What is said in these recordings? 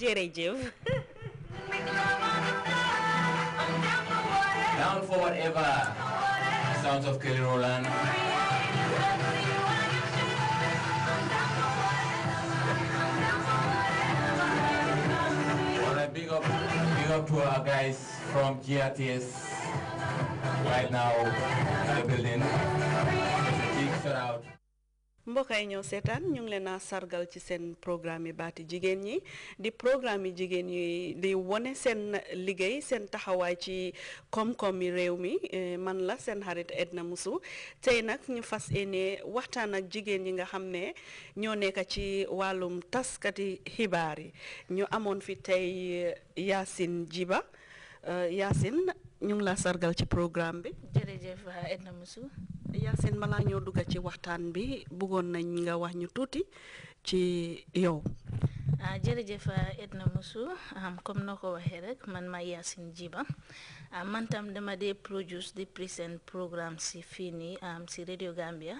Jerejif. Down for whatever. Sounds of Kelly Rowland. Wanna big up, big up to our guys from GRTS right now in the building. Big shout out. mbokk yi ñoo seetaan ñu ngi leen a sargal ci seen programme yi baati jigéen ñi di programme yi jigéen ñi di wone seen liggéey seen taxawaay ci koom-koom yi réew mi eh, man la seen xarit Edna Musu tey nag ñu fas yéene waxtaan ak jigéen ñi nga xam ne ñoo nekk ci wàllum taskati xibaar yi ñu amoon fi tey eh, Yacine Jiba eh, Yacine ñu ngi la sargal ci programme bi. jërëjëf Edna Musu. Yacine balaa ñoo dugg ci waxtaan bi bëggoon nañ nga wax ñu tuuti ci yow. Ah, jërëjëf eh, Edna Musu comme noo ko waxee rek man ma Yacine jiiba ah, man tam dama dee produce di present programme si fii nii si Radio Gambia.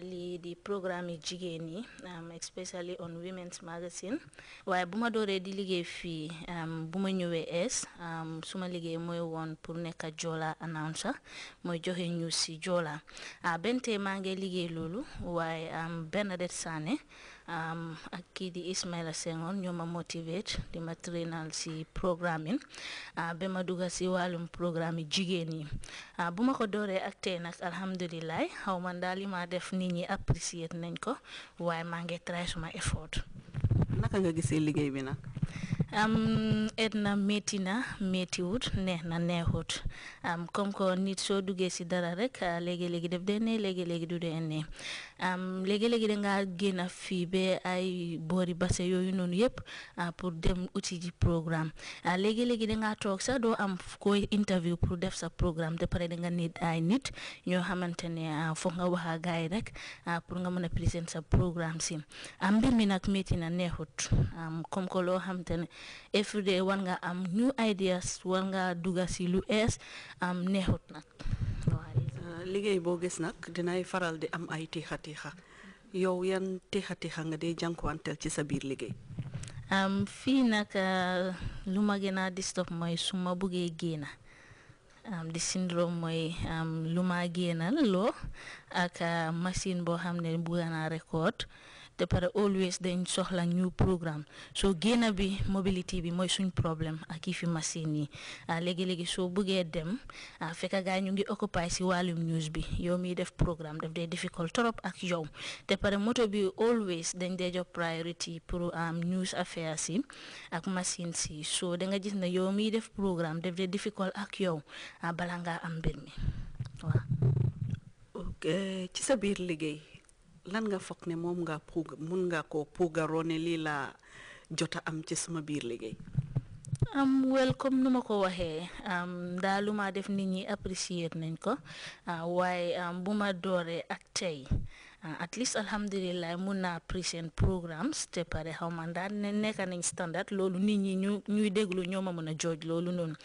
lii di programme yi jigéen yi um, especially on women's magazine waaye bu ma dooree di liggéey fii um, bu ma ñëwee ees um, su ma liggéey mooy woon pour nekk joola announcer mooy joxe news si joola ah, benn tey maa ngi liggéey loolu waaye Bernadette Sane ak kii di Ismaila Senghor ñoo ma motivate di ma trainal si programming ah, ba ma dugga si wàllum programme jigéen yi ah, bu ma ko dooree ak tey nag alhamdulilah xaw man daal li ma def nit ñi appreciate nañ ko waaye maa ngi try suma effort naka nga gisee liggéey bi nag et na métti na méttiwut neex na neexut comme que nit soo duggee si dara rek ah, léegi-léegi def dee ne léegi-léegi du dee am léegi-léegi dangaa génn fii ba ay boori base yooyu noonu yëpp ah, pour dem uti ji programme ah, léegi-léegi dangaa toog sax doo am koy interview pour def sa programme de pare danga nit ay nit ñoo xamante ne foog nga wax a gaay rek pour nga mën a présenter sa programme si mbir mi nag métti na neexut comme que loo xam xamante everyday war nga am new ideas war nga duga si lu ees am neexut nag liggéey boo gis nag dinay faral di am ay tiixa tiixa yow yan tiixa tiixa nga dee jànkuwanteel ci sa biir liggéey fi nag ah, lu ma gën a disturb mooy su ma buggee génna di syndrome mooy lu ma génnal loo ah, machine boo xam ne bugga naa record te pare always dañ soxla new programme so génna bi mobility bi mooy suñ problème ak yi fi machine yi léegi-léegi ah, soo buggee dem ah, fekk gaa ñu ngi occupy si wàllum news bi yow miy def programme def dee difficult trop ak yow te pare moto bi always dañ dee jox priority pour am news affaires yi ak machine si soo da nga gis ne yow miy def programme daf dee difficult ak yow ah, bala ngaa am mbir mi waaw ok ci sa biir liggéey lan nga foog ne moom nga puug mun nga ko pogaroone ne lii laa a am ci suma biir liggéey am um, welcome nu ma ko waxee um, daa ma def nit ñi apprécier nañ ko uh, waaye um, bu ma dooree ak tey uh, at least alhamdulilah mun naa present programmes te pare xaw ma daal ne nekk nañ standard loolu nit ñi ñu ñuy déglu ñoo ma mën a jooj loolu noonu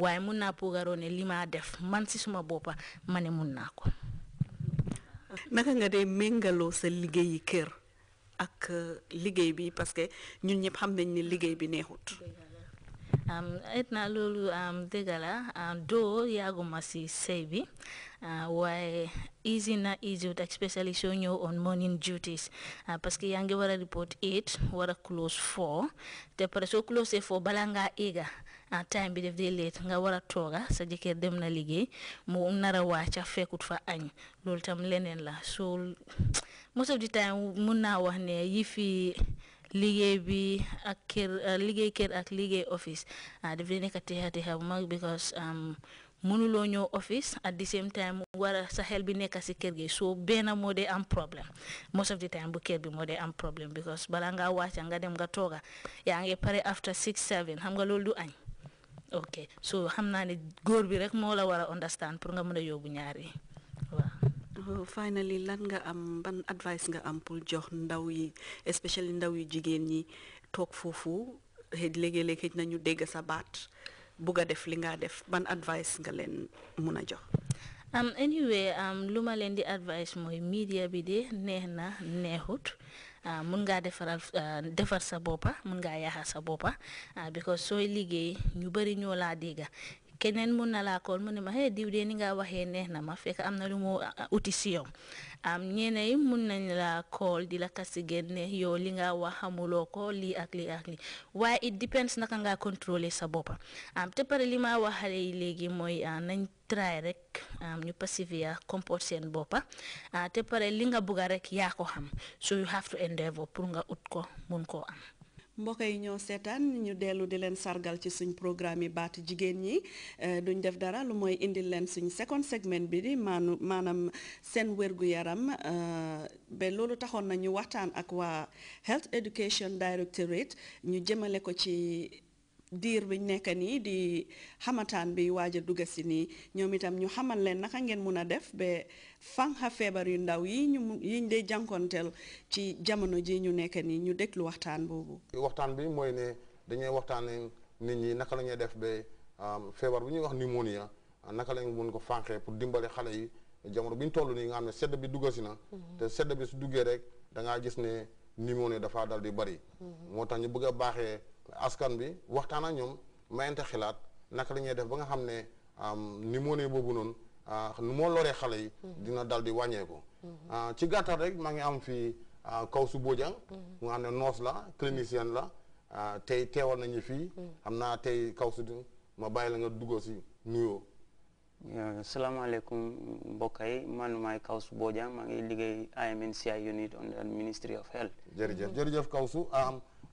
waaye mun naa puugaroo li ma def man si suma boppa ma ne mun naa ko naka nga dee méngaloo sa liggéeyi kër ak uh, liggéey bi parce que ñun ñëpp xam nañ ne liggéey bi neexut um, et na loolu am um, degala um, doo yàgguma si sëy bi uh, waaye easy na easy ak especially yoo ñëw on morning duties uh, parce que yaa ngi war a report 8 war a close 4 te pare soo close 4 balaa ngaa eega Ah, time bi def dee late nga war a tooga sa jëkkër dem na liggéey mu nara a wàcca fekkut fa añ loolu tam leneen la so most of the time mun naa wax ne yi fi liggéey bi ak kër ah, liggéey kër ak liggéey office ah, daf dee nekk teexa teexa bu mag because um, mënuloo ñëw office at the same time war a sa xel bi nekk si kër gi soo benn moo dee am problème most of the time bu kër bi moo dee am problème because balaa ngaa wàcca nga dem nga tooga yaa ngi pare after six seven xam nga loolu du añ ok so xam naa ne góor bi rek moo la war a understand pour nga mën a yóbbu ñaari yi waaw. lan nga am ban advice nga am pour jox ndaw yi especially ndaw yu jigéen ñi toog foofu léegi-léeg xëj nañu dégg sa baat bugg a def li nga def ban advice nga leen mun a jox. am um, anyway um, lu ma leen di advice mooy media bi de neex na neexut. Ah, mun ngaa defaral ah, defar sa boppa mun ngaa yaxal sa boppa ah, because sooy liggéey ñu bari ñoo laa dégga keneen mun na laa kool mu ne ma hey diw de ni nga waxee neex na ma fekk am na lu mu uti si yow am ñeene yi mun nañ laa kool di la kasi ne yow li nga wax xamuloo ko lii ak lii ak lii waaye it depends naka nga contrôler sa boppa am te pare li ma wax xale yi léegi mooy nañ try rek ñu persevere comport seen boppa te pare li nga bugga rek yaa ko xam so you have to endeavor pour nga ut ko mun ko am mbokk yi ñoo seetaan ñu dellu di leen sargal ci suñ programme yi baatu jigéen ñi eh, duñ def dara lu mooy indil leen suñ second segment bi di maanu maanaam seen wérgu yaram eh, ba loolu taxoon na ñu waxtaan ak waa Health Education Directorate ñu jëmale ko ci diir biñ nekk nii di xamataan bi waaj a dugga si nii ñoom itam ñu xamal leen naka ngeen mun a def ba fanxa feebar yu ndaw yi ñu yiñ dee jànkonteel ci jamono ji ñu nekk nii ñu déglu waxtaan boobu. waxtaan bi mooy ne dañuy waxtaanee nit ñi naka la ñuy def ba feebar bu ñuy wax pneumonia naka lañ mun ko fanxee pour dimbale xale yi jamono bi ñu toll nii nga xam ne sedd bi dugga si na. Mm-hmm. te sedd bi su duggee rek da gis ne pneumonia dafa dal di bari. Mm-hmm. moo tax ñu a baaxee. askan bi waxtaan ak ñoom mayante xilaat naka la ñuy def ba nga xam ne ni moo ne boobu noonu ah, nu moo loree xale yi. Mm-hmm. dina dal di wàññeeku. Mm-hmm. Ah, ci gàttal rek maa ngi am fii ah, Kawsu Bojang. Mm-hmm. mu xam ne noos la clinicien la tey teewal nañu fii. xam naa tey Kawsu ma bàyyi la nga duggoo si nuyoo. salaamaaleykum mbokk yi man maay Kawsu Bojang maa ngi liggéey IMNCI unit under Ministry of Health. jërëjëf jërëjëf Kawsu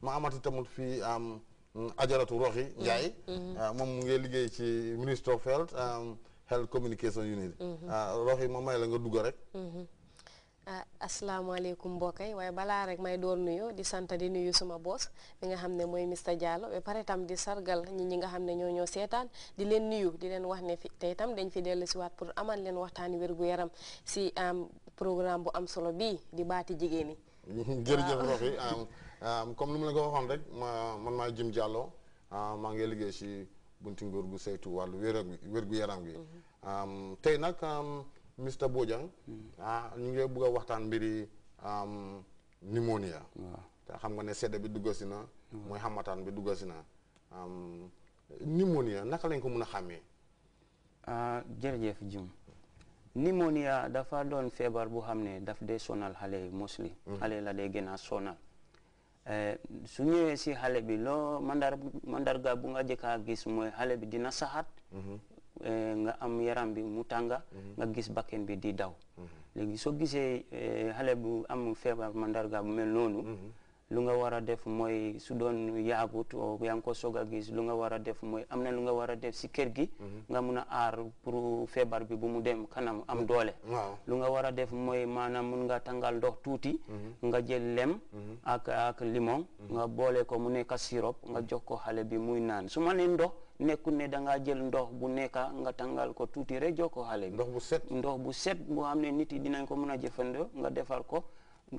ma amati tamit um, fi am mm, ajaratu rohi mm-hmm. Njaay mom mm-hmm. uh, mu ngi liggey ci ministre of Health um, Health Communication Unit mm-hmm. uh, rohi mom may la nga dugg rek ah uh, asalaamaaleykum mbokkay waaye balaa rek may door nuyu di sant di nuyu suma boss mi nga xamne moy Mr Diallo be pare tam di sargal ñi ñi nga xamne ñoo ñoo seetaan di len nuyu di len wax ne fi tam dañ fi delu ci wat pour amal leen waxtaan wérgu yaram si um, programme bu am solo bi di baati jigéen ñi jërëjëf Roxi comme lu ma la ko waxoon ma Jim Diallo maa ngi liggéey si bunti nguur gu saytu wàllu wér gu yaram gi tey nag Mr Bojang hmm. ah, ñu ngi bëgg a waxtaan mbiri pneumonia te xam nga ne sedd bi duggasi na hmm. mooy xamataan bi duggasi na pneumonia naka lañ ko mën a xàmmee ah, jërëjëf Jim pneumonia dafa doon feebar bu xam daf dee sonal xale mostly hmm. xale la dee sonal Eh, su ñëwee si xale bi loo mandar mandarga bu nga jëkka gis mooy xale bi dina saxaat mhm. eh, nga am yaram bi mu tànga mhm. nga gis bakken bi di daw mhm. léegi soo gisee eh, xale bu am feebar mandarga bu mel noonu lu nga wara def moy su doon yaagut o ko soga gis lu nga wara def moy amna lu nga wara def si kër gi mhm. nga mun ar pour febar bi bu mu dem kanam am mm. doole lu nga wara def moy manam mun nga tangal ndox tuuti mhm. nga jël lem mhm. ak ak limon nga boole ko mu nekk sirop nga jox ko xalé bi muy naan su ne ndox nekku ne da nga jël ndox bu nekk nga tangal ko tuuti re jox ko xalé bi ndox bu set ndox bu set bu xam nit yi dinañ ko jëfëndo nga ko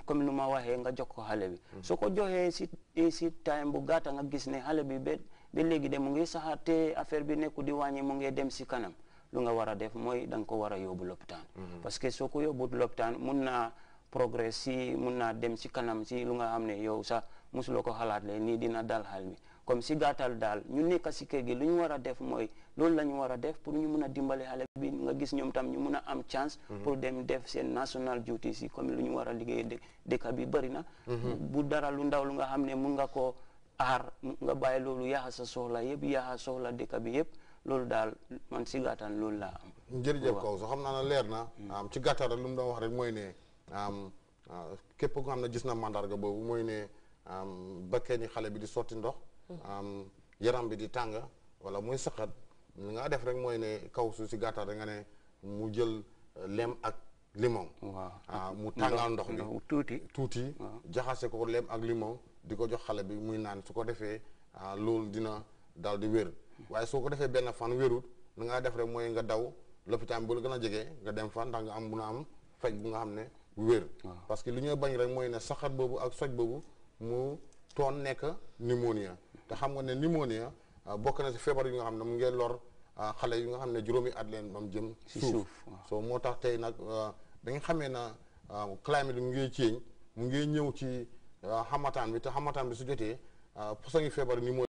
comme nu ma waxee nga jox ko xale bi mm. soo ko joxee si eh, si time bu gàtta nga gis ne xale bi ba ba léegi de mu ngi saxaar te affaire bi nekku di wàññi mu ngi dem si kanam lu nga war a def mooy da nga ko war a yóbbu lopitaan mm-hmm. parce que soo ko yóbbu lopitaan mun naa progrès si mun naa dem si kanam si lu nga xam ne yow sax mosuloo ko xalaat le nii dina dal xal mi comme si gàttal daal ñu nekka si kër gi lu ñu war a def mooy loolu la ñu a def pour ñu mën a dimbale xale bi nga gis ñoom tam ñu mën a am chance. Mhm. pour dem def seen national duties yi comme lu ñu war a liggéey dëkk bi bëri na. Mhm. bu dara lu ndaw lu nga xam ne mun nga koo aar nga bàyyi loolu yaaxa sa soxla yëpp yaaxa soxla dëkk bi yëpp loolu daal man si gàttal loolu laa am. jërëjëf kaw so xam naa na leer na. Mhm. ci gàttal lu mu doon wax rek mooy ne képp koo xam ne gis na mandarga boobu mooy ne ba kenn xale di sotti ndox. yaram bi di tàng wala muy saqat li nga def rek mooy ne kaw su si gàttal rek nga ne mu jël euh, lem ak limon waaw ah, mu tàngal ndox bi tuuti tuuti jaxase ko lem ak limon di ko jox xale bi muy naan su ko defee ah, loolu dina dal di wér waaye soo ko defee benn fan wérut na nga def rek mooy nga daw lopitaan bu la gën a jege nga dem fan ndax nga am bu naa am faj bu nga xam ne wér parce que li ñuy bañ rek mooy ne saxat boobu ak soj boobu mu toon nekk pneumonia te xam nga ne pneumonia ah, bokk na si feebar yu nga xam ne mu ngeen lor ah, xale yu nga xam ne juróomi at leen ba mu jëm si suuf so moo tax tey nag bi ah, nga xamee na climate bi mu ngi ceeñ mu ngi ñëw ci xamataan bi te xamataan bi su jotee façon yi feebar pneumonia